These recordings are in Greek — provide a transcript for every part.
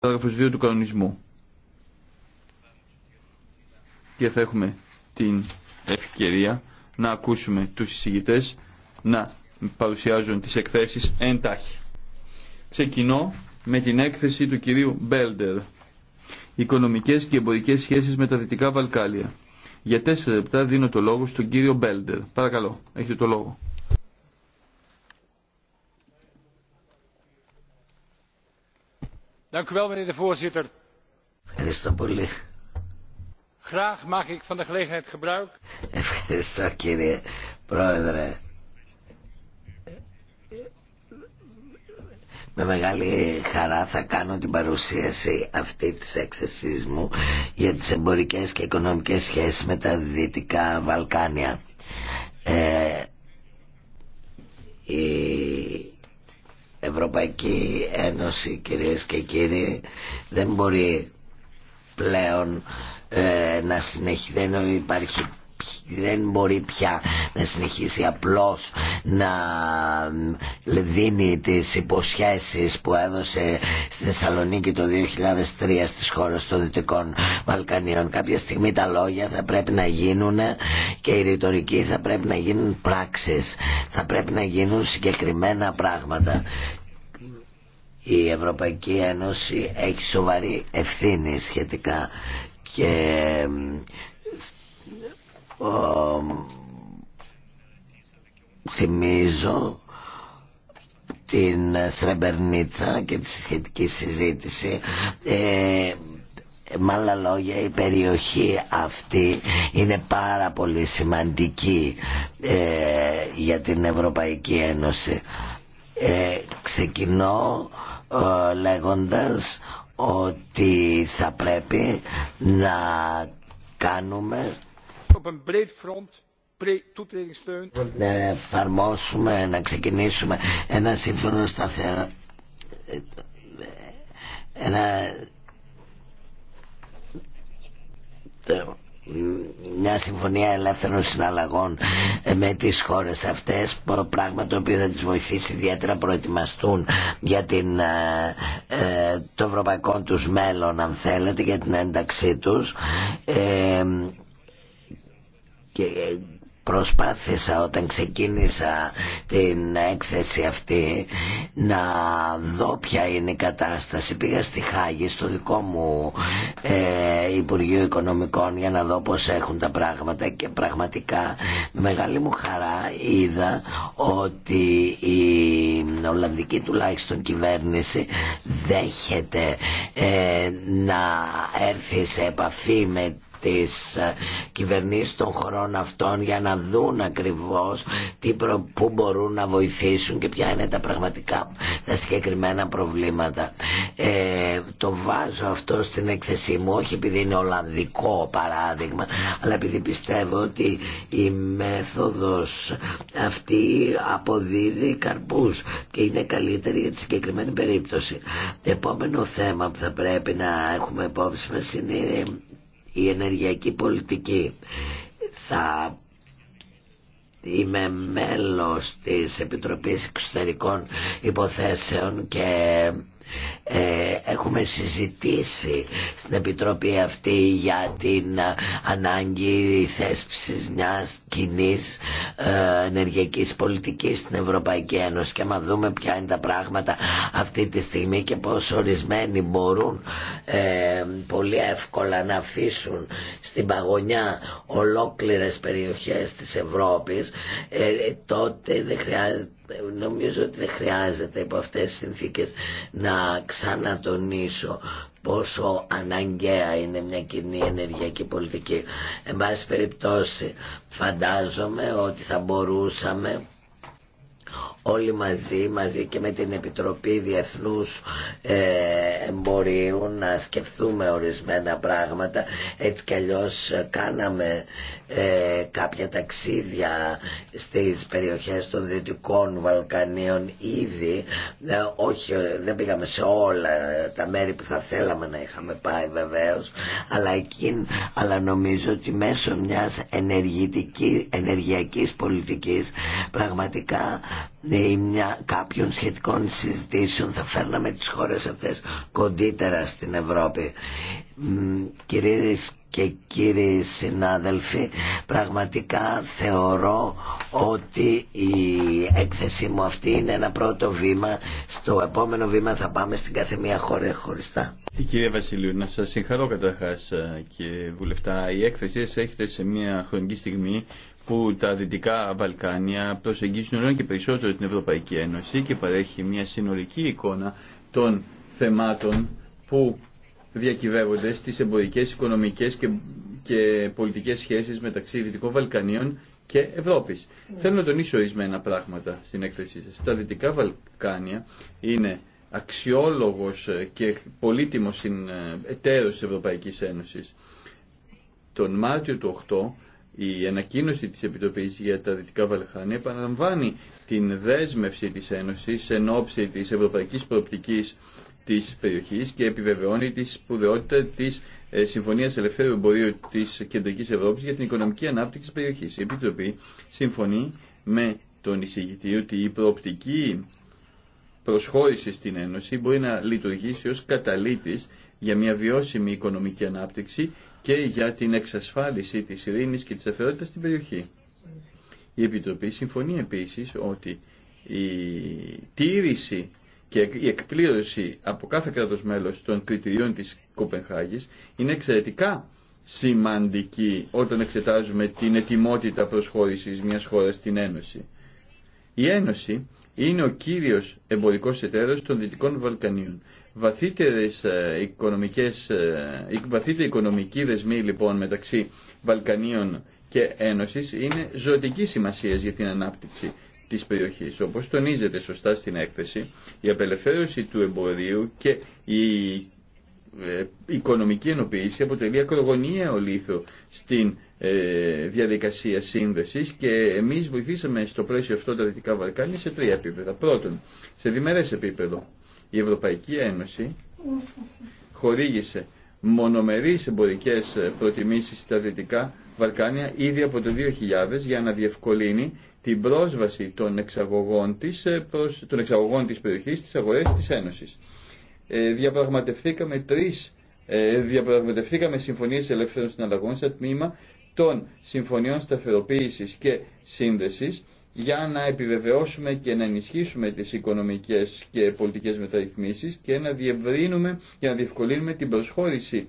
παράγραφος 2 του κανονισμού. Και θα έχουμε την ευκαιρία να ακούσουμε τους εισηγητές να παρουσιάζουν τις εκθέσεις εντάχει. Ξεκινώ με την έκθεση του κυρίου Μπέλντερ. Οικονομικές και εμπορικές σχέσεις με τα Δυτικά Βαλκάλια. Για τέσσερα λεπτά δίνω το λόγο στον κύριο Μπέλντερ. Παρακαλώ, έχετε το λόγο. Ευχαριστώ πολύ. Ευχαριστώ κύριε Πρόεδρε. Με μεγάλη χαρά θα κάνω την παρουσίαση αυτή της έκθεσής μου για τις εμπορικές και οικονομικές σχέσεις με τα Δυτικά Βαλκάνια. Ε, Ευρωπαϊκή Ένωση κυρίες και κύριοι δεν μπορεί πλέον ε, να συνεχίσει δεν υπάρχει δεν μπορεί πια να συνεχίσει απλώς να δίνει τις υποσχέσεις που έδωσε στη Θεσσαλονίκη το 2003 στις χώρες των Δυτικών Βαλκανίων. Κάποια στιγμή τα λόγια θα πρέπει να γίνουν και οι ρητορικοί θα πρέπει να γίνουν πράξεις. Θα πρέπει να γίνουν συγκεκριμένα πράγματα η Ευρωπαϊκή Ένωση έχει σοβαρή ευθύνη σχετικά και ο, θυμίζω την Σρεμπερνίτσα και τη σχετική συζήτηση ε, με άλλα λόγια η περιοχή αυτή είναι πάρα πολύ σημαντική ε, για την Ευρωπαϊκή Ένωση. Ε, ξεκινώ ε, λέγοντας ότι θα πρέπει να κάνουμε να εφαρμόσουμε, να ξεκινήσουμε ένα σύμφωνο σταθερό ένα μια συμφωνία ελεύθερων συναλλαγών ε, με τις χώρες αυτές πράγμα το οποίο θα τις βοηθήσει ιδιαίτερα προετοιμαστούν για την, ε, ε, το ευρωπαϊκό τους μέλλον αν θέλετε για την ένταξή τους προσπάθησα όταν ξεκίνησα την έκθεση αυτή να δω ποια είναι η κατάσταση. Πήγα στη Χάγη, στο δικό μου ε, Υπουργείο Οικονομικών για να δω πώς έχουν τα πράγματα και πραγματικά μεγάλη μου χαρά είδα ότι η Ολλανδική τουλάχιστον κυβέρνηση δέχεται ε, να έρθει σε επαφή με τις ε, κυβερνήσεις των χωρών αυτών για να δουν ακριβώς τι που μπορούν να βοηθήσουν και ποια είναι τα πραγματικά τα συγκεκριμένα προβλήματα. Ε, το βάζω αυτό στην έκθεσή μου όχι επειδή είναι Ολλανδικό παράδειγμα αλλά επειδή πιστεύω ότι η μέθοδος αυτή αποδίδει καρπούς και είναι καλύτερη για τη συγκεκριμένη περίπτωση. επόμενο θέμα που θα πρέπει να έχουμε υπόψη μας είναι η ενεργειακή πολιτική. Θα είμαι μέλος της Επιτροπής Εξωτερικών Υποθέσεων και ε, έχουμε συζητήσει στην Επιτροπή αυτή για την ε, ανάγκη θέσπισης μιας κοινή ε, ενεργειακής πολιτικής στην Ευρωπαϊκή Ένωση και να δούμε ποια είναι τα πράγματα αυτή τη στιγμή και πώς ορισμένοι μπορούν πολύ εύκολα να αφήσουν στην παγωνιά ολόκληρες περιοχές της Ευρώπης τότε δεν χρειάζεται ε, νομίζω ότι δεν χρειάζεται υπό αυτές τις συνθήκες να ξανατονίσω πόσο αναγκαία είναι μια κοινή ενεργειακή πολιτική. Εν πάση περιπτώσει φαντάζομαι ότι θα μπορούσαμε όλοι μαζί, μαζί και με την Επιτροπή Διεθνούς ε, Εμπορίου να σκεφτούμε ορισμένα πράγματα. Έτσι κι αλλιώς ε, κάναμε ε, κάποια ταξίδια στις περιοχές των Δυτικών Βαλκανίων ήδη. Ε, δεν πήγαμε σε όλα τα μέρη που θα θέλαμε να είχαμε πάει βεβαίως, αλλά, αλλά νομίζω ότι μέσω μιας ενεργητικής, ενεργειακής πολιτικής πραγματικά ή μια κάποιων σχετικών συζητήσεων θα φέρναμε τις χώρες αυτές κοντύτερα στην Ευρώπη. Κυρίες και κύριοι συνάδελφοι πραγματικά θεωρώ ότι η έκθεση μου αυτή είναι ένα πρώτο βήμα στο επόμενο βήμα θα πάμε στην καθεμία χώρα χωριστά η Κυρία Βασιλείου να σας συγχαρώ καταρχάς ε, και βουλευτά η έκθεση σας έχετε σε μια χρονική στιγμή που τα Δυτικά Βαλκάνια προσεγγίζουν όλο και περισσότερο την Ευρωπαϊκή Ένωση και παρέχει μια συνολική εικόνα των θεμάτων που διακυβεύονται στις εμπορικές, οικονομικές και, και πολιτικές σχέσεις μεταξύ Δυτικών Βαλκανίων και Ευρώπης. Ναι. Θέλω να τονίσω ορισμένα πράγματα στην έκθεσή σας. Τα Δυτικά Βαλκάνια είναι αξιόλογος και πολύτιμος ε, εταίρος της Ευρωπαϊκής Ένωσης. Τον Μάρτιο του 8 η ανακοίνωση της Επιτροπής για τα Δυτικά Βαλκάνια επαναλαμβάνει την δέσμευση της Ένωσης εν ώψη της ευρωπαϊκής προοπτικής της περιοχής και επιβεβαιώνει τη σπουδαιότητα της ε, Συμφωνίας Ελευθέρου Εμπορίου της Κεντρικής Ευρώπης για την οικονομική ανάπτυξη της περιοχής. Η Επιτροπή συμφωνεί με τον εισηγητή ότι η προοπτική προσχώρηση στην Ένωση μπορεί να λειτουργήσει ως καταλήτης για μια βιώσιμη οικονομική ανάπτυξη και για την εξασφάλιση της ειρήνης και της αφαιρότητας στην περιοχή. Η Επιτροπή συμφωνεί επίσης ότι η τήρηση και η εκπλήρωση από κάθε κράτος μέλος των κριτηρίων της Κοπενχάγης είναι εξαιρετικά σημαντική όταν εξετάζουμε την ετοιμότητα προσχώρησης μιας χώρας στην Ένωση. Η Ένωση είναι ο κύριος εμπορικός εταίρος των Δυτικών Βαλκανίων. Βαθύτερες ε, οικονομικές, ε, βαθύτερη οικονομική δεσμή λοιπόν μεταξύ Βαλκανίων και Ένωσης είναι ζωτική σημασία για την ανάπτυξη της περιοχής. Όπως τονίζεται σωστά στην έκθεση, η απελευθέρωση του εμπορίου και η ε, οικονομική ενοποίηση αποτελεί ακρογωνιαίο λίθο στην ε, διαδικασία σύνδεσης και εμείς βοηθήσαμε στο πλαίσιο αυτό τα Δυτικά Βαλκάνια σε τρία επίπεδα. Πρώτον, σε διμερές επίπεδο η Ευρωπαϊκή Ένωση χορήγησε μονομερείς εμπορικές προτιμήσεις στα Δυτικά Βαλκάνια ήδη από το 2000 για να διευκολύνει την πρόσβαση των εξαγωγών της, ε, προς, των εξαγωγών της περιοχής στις αγορές της Ένωσης. Ε, διαπραγματευθήκαμε τρεις ε, συμφωνίες ελεύθερων συναλλαγών σε τμήμα των συμφωνιών σταθεροποίησης και σύνδεσης για να επιβεβαιώσουμε και να ενισχύσουμε τις οικονομικές και πολιτικές μεταρρυθμίσεις και να διευρύνουμε και να διευκολύνουμε την προσχώρηση,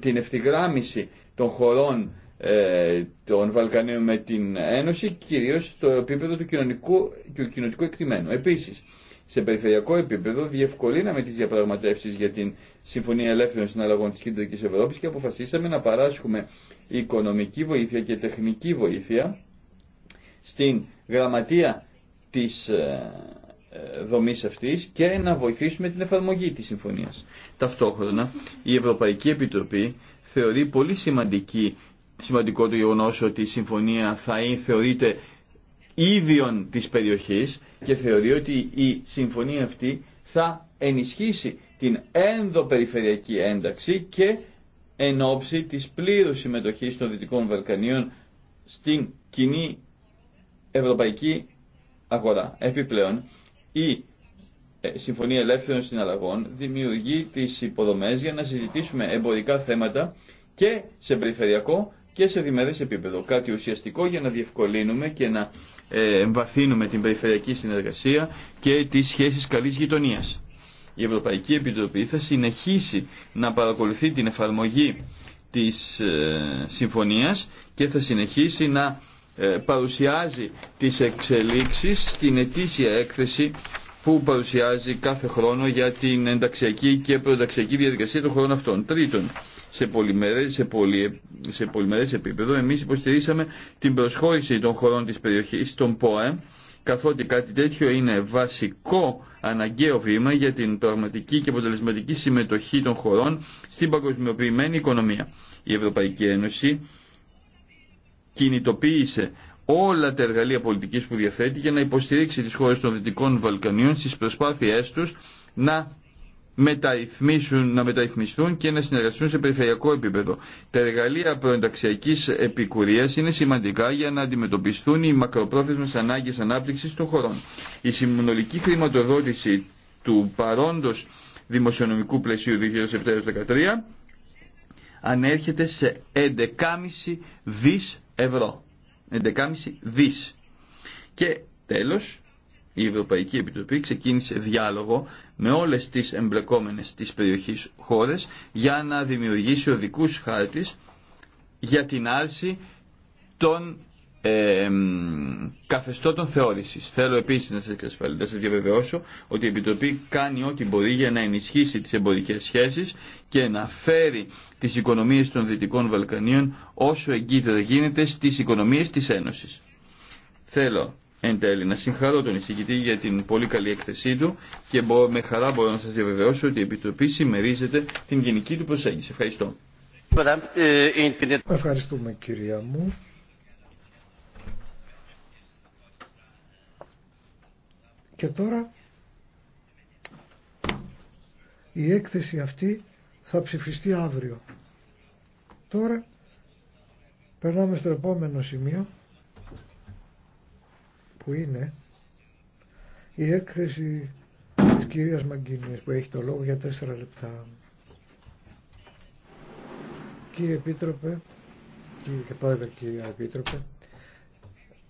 την ευθυγράμμιση των χωρών ε, των Βαλκανίων με την Ένωση, κυρίως στο επίπεδο του κοινωνικού, του κοινωνικού εκτιμένου. Επίσης, σε περιφερειακό επίπεδο διευκολύναμε τις διαπραγματεύσεις για την Συμφωνία Ελεύθερων Συναλλαγών της Κεντρικής Ευρώπης και αποφασίσαμε να παράσχουμε οικονομική βοήθεια και τεχνική βοήθεια στην γραμματεία της ε, ε, δομής αυτής και να βοηθήσουμε την εφαρμογή της συμφωνίας. Ταυτόχρονα η Ευρωπαϊκή Επιτροπή θεωρεί πολύ σημαντική σημαντικό το γεγονό ότι η συμφωνία θα θεωρείται ίδιον της περιοχής και θεωρεί ότι η συμφωνία αυτή θα ενισχύσει την ενδοπεριφερειακή ένταξη και εν ώψη της πλήρους συμμετοχής των Δυτικών Βαλκανίων στην κοινή ευρωπαϊκή αγορά. Επιπλέον, η ε, Συμφωνία Ελεύθερων Συναλλαγών δημιουργεί τις υποδομές για να συζητήσουμε εμπορικά θέματα και σε περιφερειακό και σε διμερές επίπεδο. Κάτι ουσιαστικό για να διευκολύνουμε και να ε, εμβαθύνουμε την περιφερειακή συνεργασία και τις σχέσεις καλής γειτονίας. Η Ευρωπαϊκή Επιτροπή θα συνεχίσει να παρακολουθεί την εφαρμογή της ε, συμφωνίας και θα συνεχίσει να ε, παρουσιάζει τις εξελίξεις στην ετήσια έκθεση που παρουσιάζει κάθε χρόνο για την ενταξιακή και προενταξιακή διαδικασία των χρόνων αυτών. Τρίτον, σε πολυμερές, σε, πολυ, σε πολυμερές επίπεδο, εμείς υποστηρίσαμε την προσχώρηση των χωρών της περιοχής στον ΠΟΕ, καθότι κάτι τέτοιο είναι βασικό αναγκαίο βήμα για την πραγματική και αποτελεσματική συμμετοχή των χωρών στην παγκοσμιοποιημένη οικονομία. Η Ευρωπαϊκή Ένωση κινητοποίησε όλα τα εργαλεία πολιτικής που διαθέτει για να υποστηρίξει τις χώρες των Δυτικών Βαλκανίων στις προσπάθειές τους να να μεταρρυθμιστούν και να συνεργαστούν σε περιφερειακό επίπεδο. Τα εργαλεία προενταξιακή επικουρία είναι σημαντικά για να αντιμετωπιστούν οι μακροπρόθεσμε ανάγκε ανάπτυξη των χωρών. Η συμμονολική χρηματοδότηση του παρόντο δημοσιονομικού πλαισίου 2007-2013 ανέρχεται σε 11,5 δις ευρώ. 11,5 δις. Και τέλος, η Ευρωπαϊκή Επιτροπή ξεκίνησε διάλογο με όλες τις εμπλεκόμενες της περιοχής χώρες για να δημιουργήσει οδικούς χάρτης για την άρση των καθεστώτων θεώρησης. Θέλω επίσης να σας, να σας διαβεβαιώσω ότι η Επιτροπή κάνει ό,τι μπορεί για να ενισχύσει τις εμπορικές σχέσεις και να φέρει τις οικονομίες των Δυτικών Βαλκανίων όσο εγκύτερα γίνεται στις οικονομίες της Ένωσης. Θέλω Εν τέλει, να συγχαρώ τον εισηγητή για την πολύ καλή έκθεσή του και με χαρά μπορώ να σας διαβεβαιώσω ότι η Επιτροπή συμμερίζεται την γενική του προσέγγιση. Ευχαριστώ. Ευχαριστούμε κυρία μου. Και τώρα η έκθεση αυτή θα ψηφιστεί αύριο. Τώρα περνάμε στο επόμενο σημείο που είναι η έκθεση της κυρίας Μαγκίνης που έχει το λόγο για τέσσερα λεπτά. Κύριε Επίτροπε, κύριε και πρόεδρε κύριε Επίτροπε,